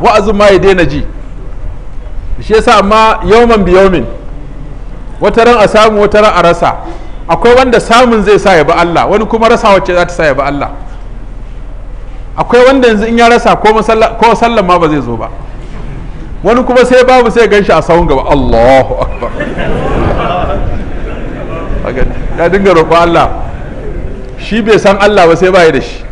wa'azin ma ya daina ji shi yasa amma yauman bi yaumin wata ran a samu wata ran a rasa akwai wanda samun zai sa ya ba Allah wani kuma rasa wacce za ta sa ya ba Allah akwai wanda yanzu in ya rasa ko sallan ma ba zai zo ba wani kuma sai babu sai gan shi a sahun gaba Allahu akbar ya dinga roƙo Allah shi bai san Allah ba sai ba da shi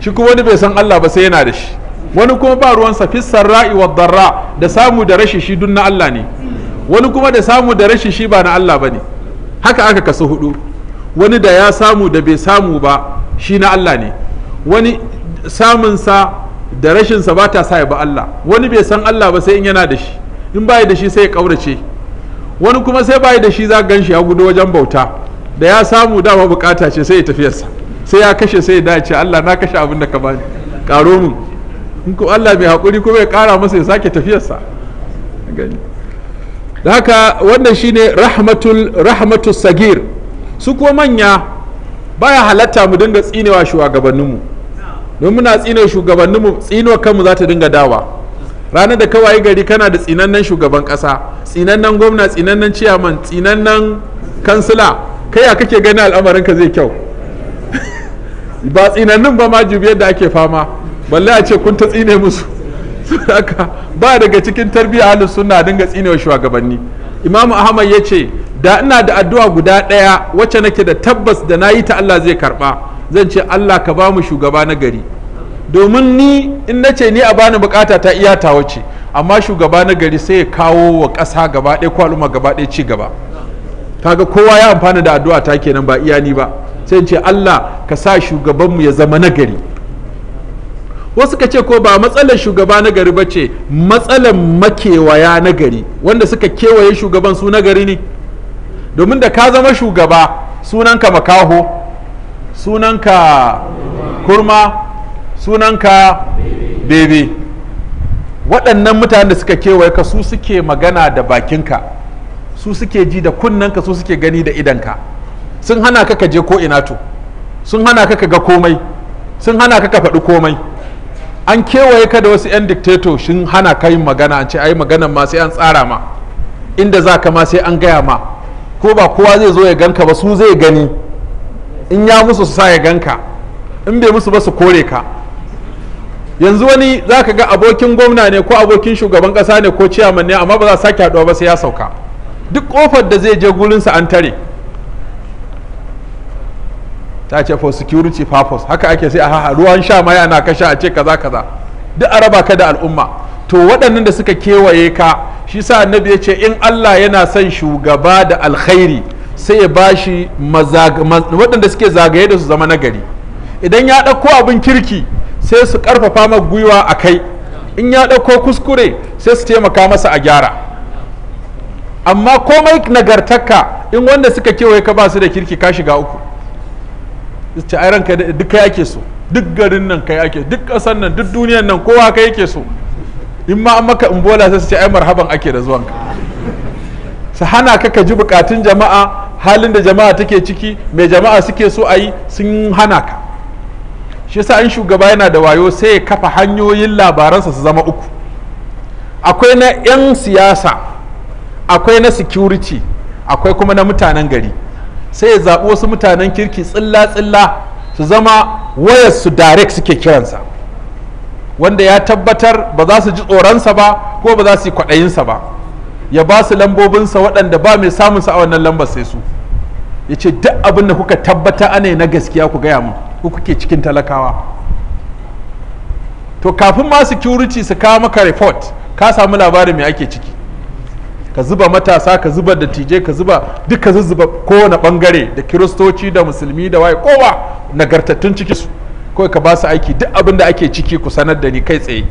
shi kuma wani bai san Allah ba sai yana da shi wani kuma ba ruwansa fi sarra'i wa darra da samu da rashi shi dun na Allah ne wani kuma da samu da rashi shi ba na Allah bane haka aka kasu hudu wani da ya samu da bai samu ba shi na Allah ne wani samun sa da rashin sa ba ta sa ya ba Allah wani bai san Allah ba sai in yana da shi in bai da shi sai ya kaurace wani kuma sai bai da shi za gan shi ya gudu wajen bauta da ya samu dama bukata ce sai ya tafiyarsa sai ya kashe sai ya dace Allah na kashe abin da ka bani karo mun in ko Allah mai haƙuri kuma ya ƙara masa ya sake tafiyarsa gani da haka wannan shine rahmatul rahmatul sagir su kuma manya baya halatta mu dinga tsinewa shugabanninmu don muna tsine shugabanninmu tsinewa kanmu za ta dinga dawa ranar da kawai gari kana da tsinannen shugaban kasa tsinannen gwamna tsinannen ciyaman tsinannen kansila kai ya kake gani ka zai kyau ba tsinannin ba ma jubiyar da ake fama balle a ce kun ta tsine musu haka ba daga cikin tarbiyya ahlus sunna dinga tsine wa shugabanni imam ahmad ya ce da ina da addu'a guda ɗaya wacce nake da tabbas da nayi ta Allah zai karba zan ce Allah ka ba mu shugaba na gari domin ni in na ni a bani bukata ta iya ta wace amma shugaba na gari sai ya kawo wa kasa gaba ɗaya ko al'umma gaba ɗaya ci gaba kaga kowa ya amfana da addu'a ta kenan ba iya ni ba sai in ce Allah ka sa shugabanmu ya zama na gari wasu ka ce ko ba matsalar shugaba na gari ba ce matsalar makewaya na gari wanda suka kewaye shugaban su na gari ne domin da ka zama shugaba sunanka makaho sunanka kurma sunanka bebe waɗannan mutanen da suka kewaye ka su suke magana da bakinka su suke ji da kunnanka su suke gani da idanka sun hana ka ka je ko ina to sun hana ka ka ga komai sun hana ka ka faɗi komai an kewaye ka da wasu 'yan dikteto shin hana ka yin magana an ce yi maganan ma sai an tsara ma inda za ka ma sai an gaya ma ko ba kowa zai zo ya ganka ba su zai gani in ya musu su sa ya ganka in bai musu ba su kore ka yanzu wani za ka ga abokin gwamna ne ko abokin shugaban kasa ne ko ciyaman ne amma ba za sake haɗuwa ba sai ya sauka duk kofar da zai je gurinsa an tare ta ce for security purpose haka ake sai a haha ruwan sha ma yana kasha a ce kaza kaza duk araba ka da al'umma to waɗannan da suka kewaye ka shi sa annabi ya ce in Allah yana son shugaba da alkhairi sai ya bashi waɗanda suke zagaye da su zama nagari idan ya ɗauko abin kirki sai su ƙarfafa ma gwiwa a kai in ya ɗauko kuskure sai su taimaka masa a gyara amma komai nagartaka in wanda suka kewaye ka ba su da kirki ka shiga uku ce ai ranka duk kai ake so duk garin nan kai ake duk ƙasar nan duk duniyar nan kowa kai yake so in ma an maka umbola sai su ce ai marhaban ake da zuwanka su hana ka ka ji bukatun jama'a halin da jama'a take ciki mai jama'a suke so a yi sun hana ka shi yasa in shugaba yana da wayo sai ya kafa hanyoyin labaransa su zama uku akwai na 'yan siyasa akwai na security akwai kuma na mutanen gari sai ya zaɓi wasu mutanen kirki tsilla-tsilla su zama su direct suke kiransa wanda ya tabbatar ba za su ji tsoronsa ba ko ba za su yi kwaɗayinsa ba ya ba su lambobinsa waɗanda ba mai samun sa a wannan lambar sai su ya ce duk abin da kuka tabbata ana na gaskiya ku gaya min ku kuke cikin talakawa to kafin ma security su kawo maka report ka samu labarin me ake ciki ka zuba matasa ka zuba dattijai ka zuba duka zuzzuba kowane bangare da kiristoci da musulmi da waye kowa nagartattun ciki su kawai ka ba su aiki duk abin da ake ciki ku sanar da ni kai tsaye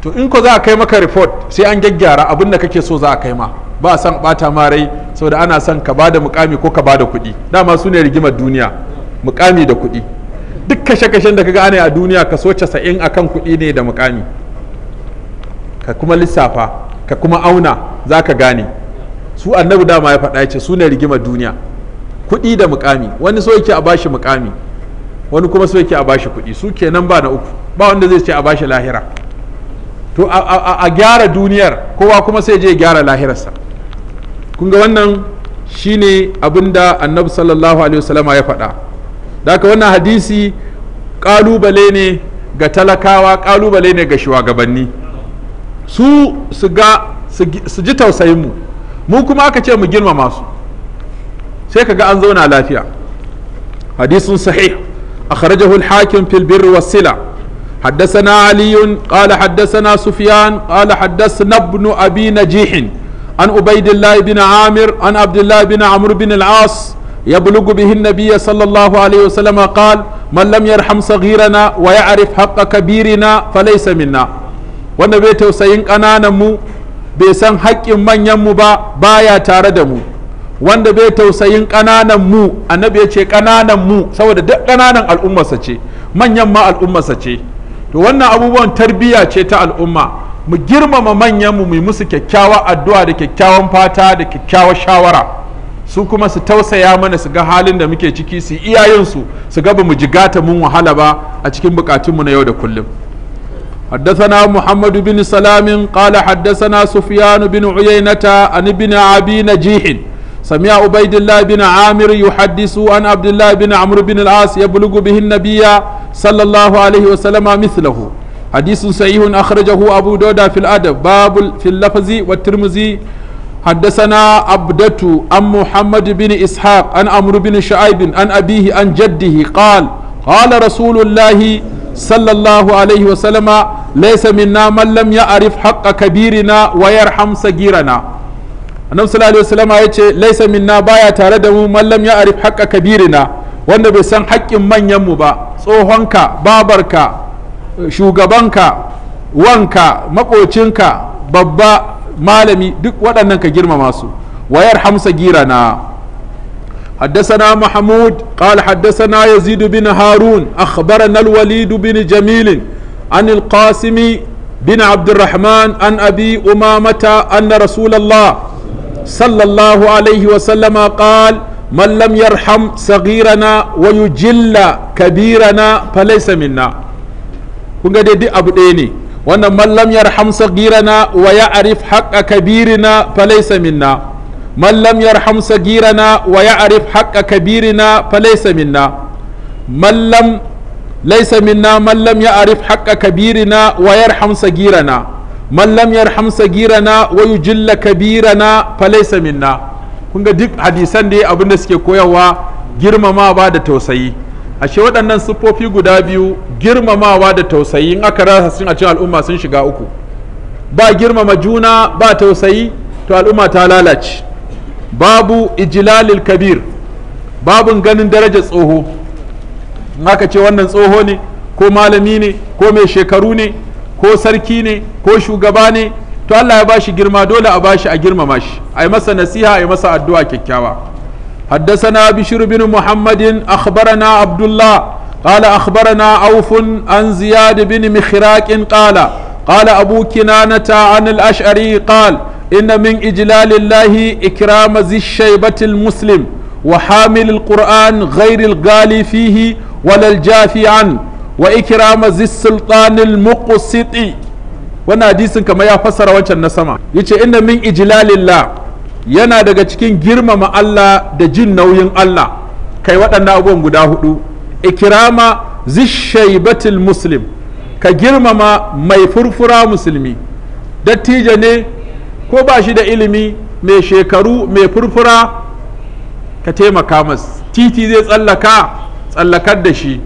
to in ko za a kai maka report sai an gyaggyara abin da kake so za a kai ma ba san bata ma rai saboda ana son ka bada mukami ko ka bada kuɗi dama su ne rigimar duniya mukami da kuɗi duk kashe-kashen da ka gane a duniya ka so 90 akan kuɗi ne da mukami ka kuma lissafa ka kuma auna za ka gane su annabi dama ya faɗa ce su ne rigimar duniya kuɗi da mukami wani so yake a bashi mukami wani kuma so yake a bashi kuɗi su kenan ba na uku ba wanda zai ce a bashi lahira to a gyara duniyar kowa kuma sai je gyara lahirarsa kun ga wannan shine abin da annabi sallallahu alaihi wasallama ya faɗa da haka wannan hadisi ƙalubale ne ga talakawa ƙalubale ne ga shugabanni su su ga su ji tausayin mu mu kuma aka ce mu girmama su sai ka ga an zauna lafiya hadisun sahih akhrajahu al-hakim fil birr was sila حدثنا علي قال حدثنا سفيان قال حدثنا ابن أبي نجيح عن عبيد الله بن عامر عن عبد الله بن عمرو بن العاص يبلغ به النبي صلى الله عليه وسلم قال من لم يرحم صغيرنا ويعرف حق كبيرنا فليس منا wanda bai tausayin ƙananan mu bai san haƙƙin manyan mu ba baya tare da mu wanda bai tausayin ƙananan mu annabi ya ce ƙananan mu saboda duk ƙananan al'ummarsa ce manyan ma al'ummarsa ce to wannan abubuwan tarbiyya ce ta al'umma mu girmama manyan mu yi musu kyakkyawan addu'a da kyakkyawan fata da kyakkyawan shawara su kuma su tausaya mana su ga halin da muke ciki su iyayensu su ga ba mu jigata mun wahala ba a cikin bukatunmu na yau da kullum حدثنا محمد بن سلام قال حدثنا سفيان بن عيينة عن ابن عبي نجيح سمع عبيد الله بن عامر يحدث عن عبد الله بن عمرو بن العاص يبلغ به النبي صلى الله عليه وسلم مثله حديث صحيح أخرجه أبو داود في الأدب باب في اللفظ والترمذي حدثنا عبدة عن محمد بن إسحاق عن عمرو بن شعيب عن أبيه عن جده قال قال رسول الله صلى الله عليه وسلم Laisa minna man lam ya'rif haqqa kabirina wa yarham sagirana annabi sallallahu alaihi wasallam yace laisa minna baya tare da mu man lam ya'rif haqqa kabirina wanda bai san haƙƙin manyan mu ba tsohonka babarka shugabanka wanka makocinka babba malami duk waɗannan ka girmama su wayar hamsa girana حدثنا محمود قال حدثنا يزيد بن هارون أخبرنا الوليد بن جميل عن القاسم بن عبد الرحمن عن أبي أمامة أن رسول الله صلى الله عليه وسلم قال من لم يرحم صغيرنا ويجل كبيرنا فليس منا kun ga dai abu ɗaya ne wannan mallam ya rahamsa sagirana wa ya arif haƙa kabirina falaisa minna mallam ya rahamsa sagirana wa ya arif haƙa kabirina falaisa minna mallam laisa minna man lam ya'rif haqqa kabirina wa yarham sagirana man lam yarham sagirana wa yujilla kabirana fa laisa minna kun ga duk hadisan da abin da suke koyarwa girmamawa da tausayi ashe waɗannan siffofi guda biyu girmamawa da tausayi in aka rasa sun a cikin al'umma sun shiga uku ba girmama juna ba tausayi to al'umma ta lalace babu ijlalil kabir babun ganin darajar tsoho aka ce wannan tsoho ne ko malami ne ko mai shekaru ne ko sarki ne ko shugaba ne to Allah ya bashi girma dole a bashi a girmama shi a yi masa nasiha a yi masa addu'a kyakkyawa حدثنا بشر بن محمد أخبرنا عبد الله قال أخبرنا عوف عن زياد بن مخراك قال قال أبو كنانة عن الأشعري قال إن من إجلال الله إكرام ذي الشيبة المسلم وحامل القرآن غير الغالي فيه walal jafi'an wa ikirama zis sultanin muqsiti wani hadisin kamar ya fassara wancan na sama yace inda min ijlalillah yana daga cikin girmama Allah da jin nauyin Allah kai waɗannan abubuwan guda hudu zis shaibatil muslim ka girmama mai furfura musulmi dattijo ne ko ba shi da ilimi mai shekaru mai furfura ka taimaka masu. titi zai tsallaka tsallakar da shi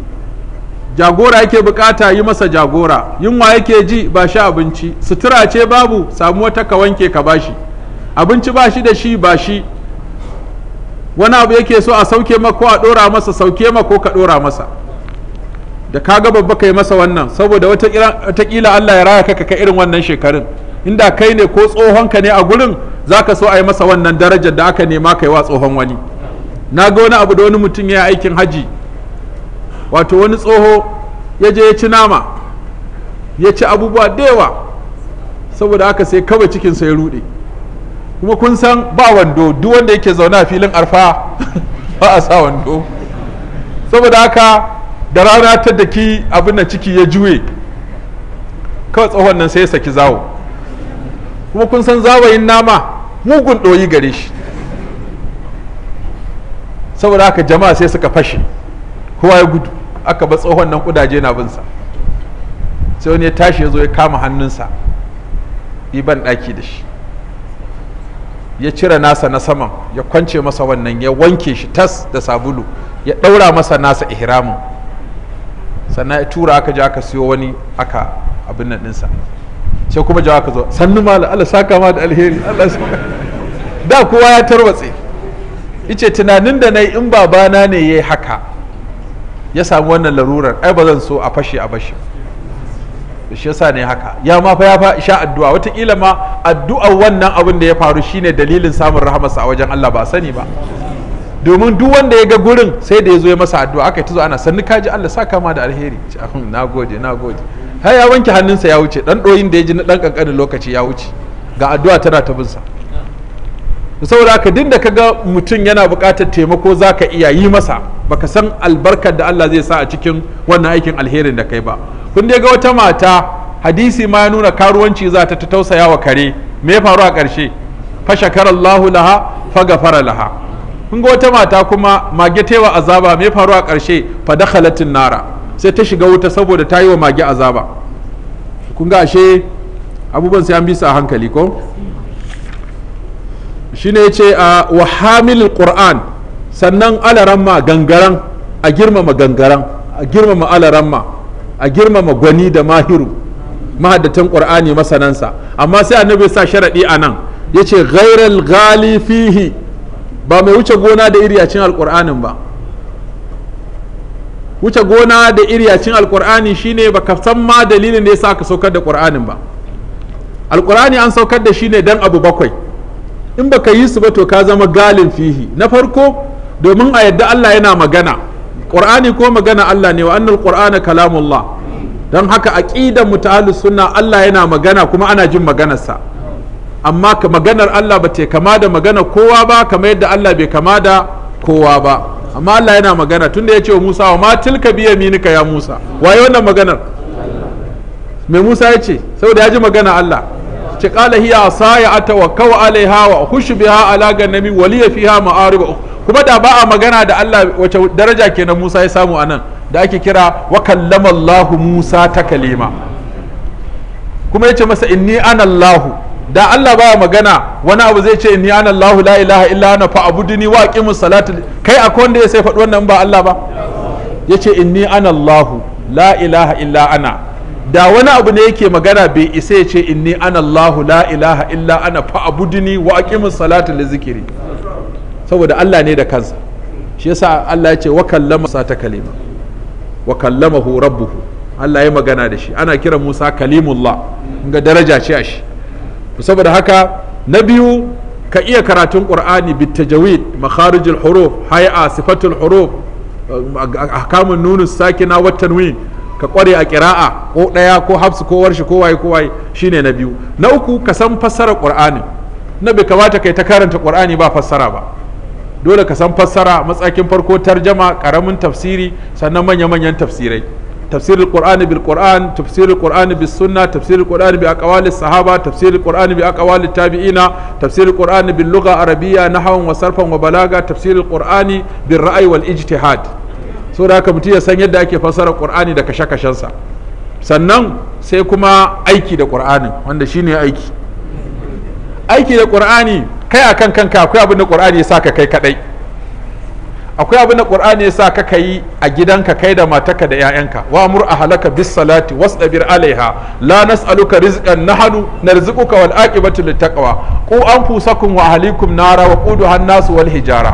jagora yake bukata yi masa jagora yunwa yake ji ba shi abinci sutura ce babu samu wata ka wanke ka bashi abinci ba shi da shi ba shi wani abu yake so a sauke mako a dora masa sauke mako ka dora masa da ka ga babba kai masa wannan saboda watakila Allah ya raya ka ka irin wannan shekarun inda kai ne ko tsohonka ne a gurin zaka so a yi masa wannan darajar da aka nema kai wa tsohon wani na ga wani abu da wani mutum ya yi aikin haji wato wani tsoho ya je ya ci nama ya ci abubuwa da yawa saboda haka sai kawai cikinsa ya rude kuma kun san ba wando duk wanda yake zaune a filin arfa ba a sa wando saboda haka da rana ta da daki abin da ciki ya juye kawai tsohon nan sai ya saki zawo kuma kun san zawayin nama mugun doyi gare shi saboda haka jama'a sai suka fashe kowa ya gudu aka ba tsohon nan kudaje na binsa sai wani ya tashi ya zo ya kama hannunsa iban ɗaki da shi ya cire nasa na saman ya kwance masa wannan ya wanke shi tas da sabulu ya ɗaura masa nasa ihramin sannan ya tura aka ji aka siyo wani aka abin nan ɗinsa sai kuma jawa ka zo sannu mala Allah saka ma da alheri Allah da kowa ya tarwatse ice tunanin da na yi in babana ne ya yi haka ya samu wannan larurar ai ba zan so a fashe a bashi shi yasa ne haka ya ma fa ya fa sha addu'a wataƙila ma addu'ar wannan abin da ya faru shine dalilin samun rahamarsa a wajen Allah ba sani ba domin duk wanda ya ga gurin sai da ya zo ya masa addu'a aka yi ana sannu kaji Allah sa kama da alheri na gode na gode har ya wanke hannunsa ya wuce dan ɗoyin da ya ji na ɗan ƙanƙanin lokaci ya wuce ga addu'a tana ta binsa saboda haka din da ka ga mutum yana buƙatar taimako za ka iya yi masa baka san albarkar da Allah zai sa a cikin wannan aikin alherin da kai ba kun dai ga wata mata hadisi ma ya nuna karuwanci za ta tausaya wa kare me ya faru a ƙarshe fa shakarallahu laha fa gafara laha kun ga wata mata kuma mage taiwa azaba me ya faru a ƙarshe fa dakhalatin nara sai ta shiga wuta saboda ta yi wa mage azaba kun ga ashe abubuwan sai an bisa hankali ko shine yace a ah, wa hamilul qur'an sannan alaramma gangaran a girmama gangaran a girmama alaramma a girmama gwani da mahiru mahaddatan qur'ani masanansa amma sai annabi sa sharaɗi a nan ya ce ghairal galifihi ba mai wuce gona da iri a cin ba wuce gona da iri a cin alqur'ani shine san ma dalilin da ya sa ka saukar da qur'anin ba alƙurani an saukar da shi ne dan abu bakwai in ba ka yi su ba to ka zama galin fihi na farko domin a yadda Allah yana magana ƙur'ani ko magana Allah ne wa annal qur'ana kalamullah don haka aqidan mu ta sunna Allah yana magana kuma ana jin maganarsa amma maganar Allah ba ta kama da magana kowa ba kamar yadda Allah bai kama da kowa ba amma Allah yana magana tunda ya ce wa Musa wa ma tilka bi yaminika ya Musa waye wannan maganar me Musa ya ce saboda ya ji magana Allah ce qala hiya asaya atawakkau alaiha wa ukhshu biha ala ganami wa fiha ma'aruba. kuma da ba a magana da Allah wace daraja kenan Musa ya samu anan da ake kira wa kallama Allah Musa ta kalima kuma yace masa inni ana Allah da Allah ba a magana wani abu zai ce inni ana Allah la ilaha illa ana fa abuduni wa aqimus salata kai akwai wanda ya sai faɗi wannan ba Allah ba yace inni ana Allah la ilaha illa ana da wani abu ne yake magana bai isa ya ce inni ana Allah la ilaha illa ana fa abuduni wa aqimus salata li zikiri. saboda Allah ne da kansa shi yasa Allah ya ce wa kallama sa ta kalima wa kallamahu rabbuhu Allah ya magana da shi ana kira Musa kalimullah ga daraja ce a shi saboda haka na biyu ka iya karatun qur'ani bit tajawid makharijul huruf hay'a sifatul huruf ahkamun nunus sakina wat tanwin ka kware a kira'a ko ɗaya ko hafsu ko warshi ko waye ko waye shine na biyu na uku ka san fassarar qur'ani na bai kamata kai ta karanta qur'ani ba fassara ba dole ka san fassara matsakin farko tarjama karamin tafsiri sannan manya-manyan tafsirai tafsirul qur'ani bil qur'an tafsirul qur'ani bis sunna qur'ani bi aqwali sahaba tafsirul qur'ani bi tabi'ina tafsirul qur'ani bil lugha arabiyya nahwan wa sarfan balaga tafsirul qur'ani bil ra'yi wal ijtihad so da haka mutum ya san yadda ake fassara qur'ani da kashe-kashen sa sannan sai kuma aiki da qur'anin wanda shine aiki aiki da qur'ani kai akan kanka akwai abin da qur'ani ya saka kai kadai akwai abin da qur'ani ya saka kai a gidanka kai da matarka da 'ya'yanka wa amur ahlaka bis salati wasdabir alaiha la nas'aluka rizqan nahnu narzuquka wal aqibatu lit taqwa qu anfusakum wa ahlikum nara wa quduha an-nas wal hijara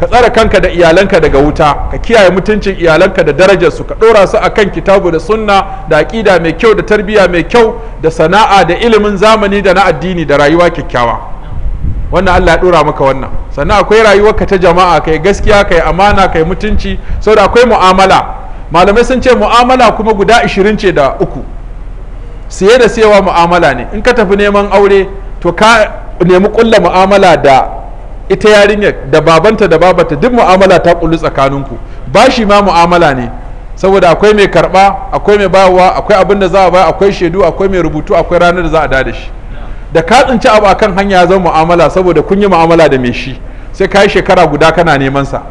ka tsara kanka da iyalanka daga wuta ka kiyaye mutuncin iyalanka da darajarsu ka dora su a kan kitabu da sunna da aƙida mai kyau da tarbiyya mai kyau da sana'a da ilimin zamani da na addini da rayuwa kyakkyawa wannan Allah ya dora maka wannan sannan akwai rayuwarka ta jama'a kai gaskiya kai amana kai mutunci saboda akwai mu'amala malamai sun ce mu'amala kuma guda 20 ce da uku siye da siyewa mu'amala ne in ka tafi neman aure to ka nemi kulla mu'amala da ita yarinyar da babanta da babata duk mu'amala ta kullu tsakaninku bashi ma mu'amala ne saboda akwai mai karba akwai mai bayarwa akwai abin da za a bayar akwai shaidu akwai mai rubutu akwai ranar da za a dada shi da ka tsinci abu akan hanya zan mu'amala saboda kun yi mu'amala da mai shi sai ka yi shekara guda kana neman sa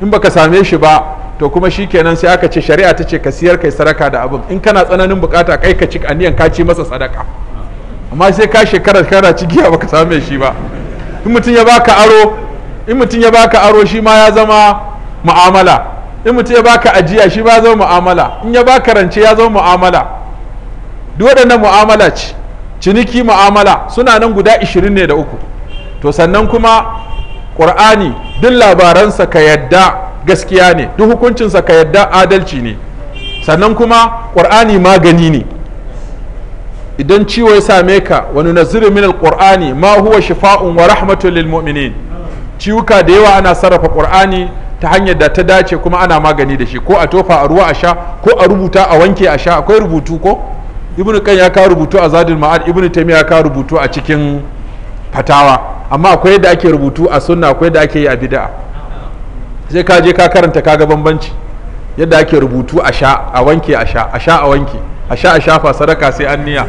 in baka same shi ba to kuma shi kenan sai aka ce shari'a ta ce ka siyar kai sadaka da abin in kana tsananin bukata kai ka ci aniyan ka ci masa sadaka amma sai ka shekara kana cigiya baka same shi ba in mutum ya baka aro in mutum ya baka aro shi ma ya zama mu'amala in mutum ya baka ajiya shi ba zama mu'amala in ya baka rance ya zama mu'amala duk waɗannan mu'amala ce ciniki mu'amala suna nan guda 20 ne da uku to sannan kuma ƙur'ani duk labaransa ka yadda gaskiya ne duk hukuncinsa ka yadda adalci ne sannan kuma ƙur'ani magani ne idan ciwo ya same ka wani naziri minal alƙur'ani ma huwa shifa'un wa rahmatun lil mu'minin ciwuka da yawa ana sarrafa ƙur'ani ta hanyar da ta dace kuma ana magani da shi ko a tofa a ruwa a sha ko a rubuta a wanke a sha akwai rubutu ko ibnu kan ya kawo rubutu a zadul ma'ad ibnu taymiya ya kawo rubutu a cikin fatawa amma akwai yadda ake rubutu a sunna akwai yadda ake yi a bid'a sai ka je ka karanta kaga bambanci yadda ake rubutu a sha a wanke a sha a sha a wanke a sha a shafa sadaka sai an niyya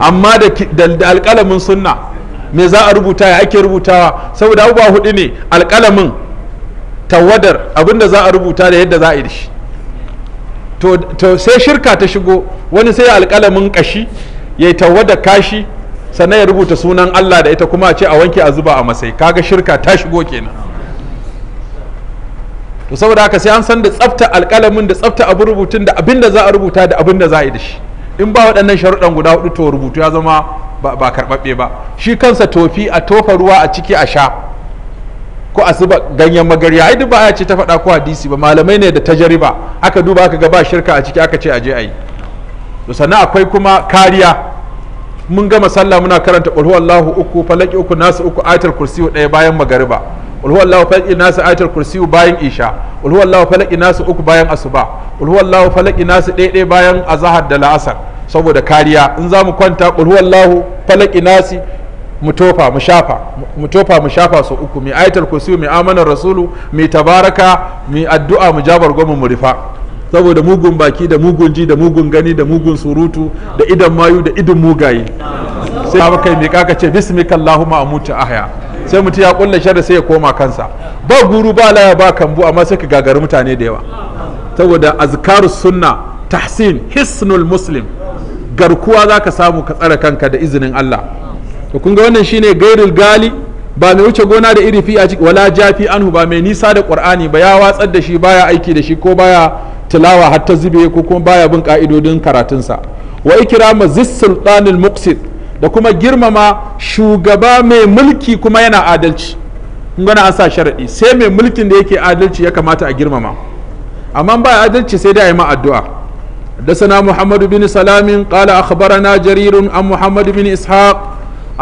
amma da alƙalamin sunna me za a rubuta ya ake rubutawa saboda abubuwa hudu ne alƙalamin tawadar abinda za a rubuta da yadda za a yi da shi to sai shirka ta shigo wani sai alƙalamin ƙashi ya yi tawada kashi sannan ya rubuta sunan Allah da ita kuma a ce a wanke a zuba a masai kaga shirka ta shigo kenan to saboda haka sai an san da tsafta alƙalamin da tsafta abin rubutun da abin da za a rubuta da abin da za a yi da shi in ba waɗannan sharuɗan guda hudu to rubutu ya zama ba karɓaɓɓe ba shi kansa tofi a tofa ruwa a ciki a sha ko a zuba ganyen magarya ai duk ba ya ce ta faɗa ko hadisi ba malamai ne da tajariba aka duba aka gaba shirka a ciki aka ce aje ayi to sannan akwai kuma kariya mun gama sallah muna karanta qul huwallahu uku falaki uku nasu uku ayatul kursi ɗaya bayan magariba qul huwallahu falaki nasu ayatul kursi bayan isha qul huwallahu falaki nasu uku bayan asuba qul huwallahu falaki nasu ɗaya ɗaya bayan azahar da la'asar saboda kariya in za mu kwanta qul huwallahu falaki nasu mu tofa mu shafa mutofa mu shafa su uku mi ayatul kursi mi amanar rasulu mi tabaraka mi addu'a mu jabar gomu mu rifa saboda mugun baki da mugun ji da mugun gani da mugun surutu da idan mayu da idin mugaye sai ba kai mi kaka ce bismika amutu ahya sai mutum ya kulla shar sai ya koma kansa ba guru ba laya ba kambu amma sai ka gagari mutane da yawa saboda azkarus sunna tahsin hisnul muslim garkuwa zaka samu ka tsare kanka da izinin Allah to kun ga wannan shine gairul gali ba mai wuce gona da irifi a ciki wala jafi anhu ba mai nisa da qur'ani ba ya watsar da shi baya aiki da shi ko baya tilawa har ta zube ko kuma baya bin ka'idodin karatunsa wa ikrama zis sultanil muqsid da kuma girmama shugaba mai mulki kuma yana adalci kun gana an sa sharadi sai mai mulkin da yake adalci ya kamata a girmama amma ba adalci sai da yi ma addu'a حدثنا محمد بن سلام قال أخبرنا جرير عن محمد بن إسحاق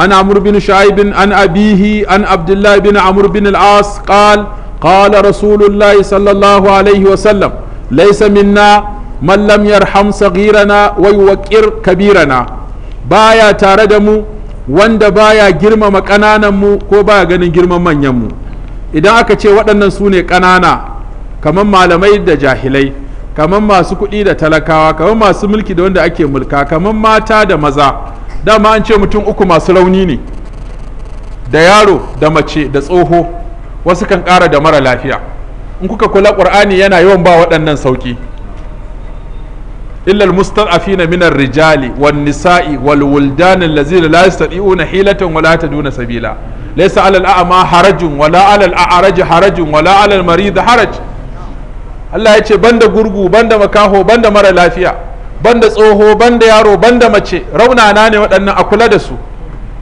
عن عمرو بن شعيب عن أبيه عن عبد الله بن عمرو بن العاص قال قال رسول الله صلى الله عليه وسلم ليس منا من لم يرحم صغيرنا ويوقر كبيرنا بايا تاردمو wanda baya girmama ƙananan mu ko baya ganin girman manyan mu idan aka ce waɗannan su ne ƙanana kamar malamai da jahilai kamar masu kuɗi da talakawa kamar masu mulki da wanda ake mulka kamar mata da maza dama an ce mutum uku masu rauni ne da yaro da mace da tsoho wasu kan ƙara da mara lafiya in kuka kula ƙur'ani yana yawan ba waɗannan sauƙi illal mustad'afina minar rijali wan nisa'i wal wuldan allazina la yastati'una hilatan wala taduna sabila laysa 'alal a'ma harajun wala 'alal a'raj harajun wala 'alal marid haraj Allah ya ce banda gurgu banda makaho banda mara lafiya banda tsoho banda yaro banda mace raunana ne waɗannan a kula da su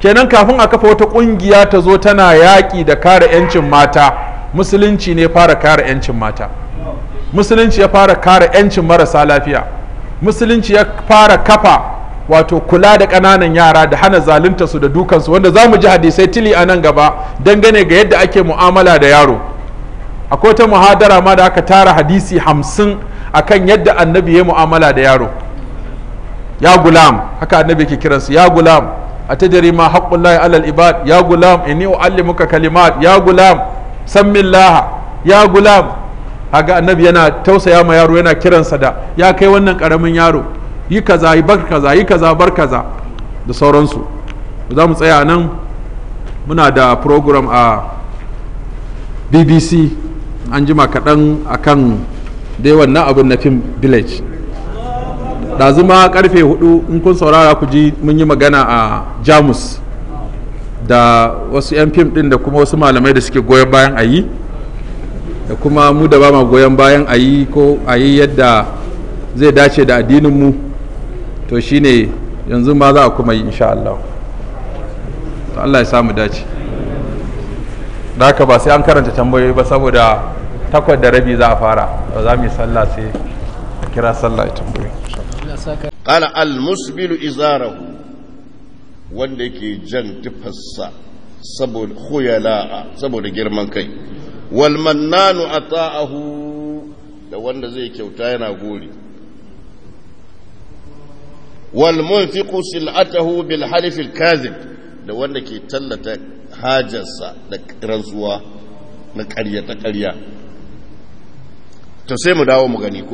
kenan kafin a kafa wata ƙungiya ta zo tana yaƙi da kare 'yancin mata musulunci ne fara kare 'yancin mata musulunci ya fara kare 'yancin marasa lafiya musulunci ya fara kafa wato kula da ƙananan yara da hana zalunta su da dukansu wanda za mu ji hadisai tili a nan gaba dangane ga yadda ake mu'amala da yaro akwai ta muhadara ma da aka tara hadisi hamsin akan yadda annabi ya mu'amala da yaro ya gulam haka annabi ke kiransu ya gulam atajari ma haqqullahi alal ibad ya gulam inni uallimuka kalimat ya gulam sammillaha ya gulam haka annabi yana tausaya ma yaro yana kiransa da ya kai wannan karamin yaro yi kaza yi bar kaza yi kaza bar kaza da sauransu za mu tsaya nan muna da program a bbc an jima kaɗan akan dai wannan abin na fim village zuma karfe hudu in kun saurara ku ji mun yi magana a jamus da wasu 'yan fim din da kuma wasu malamai da suke goyon bayan ayi da kuma mu da ba ma goyon bayan ayi ko ayi yadda zai dace da addininmu to shine yanzu ma za a kuma yi insha Allah to Allah ya samu dace da haka ba sai an karanta tambayoyi ba saboda takwas da rabi za a fara za mu yi sallah sai a kira sallah ya tambayoyi qala al musbilu izarahu wanda yake jan tufassa saboda khuyala'a saboda girman kai wal mannanu ata'ahu da wanda zai kyauta yana gori wal munfiqu sil'atahu bil halif al da wanda ke tallata hajarsa da rantsuwa na ƙarya ta ƙarya to sai mu dawo mu gani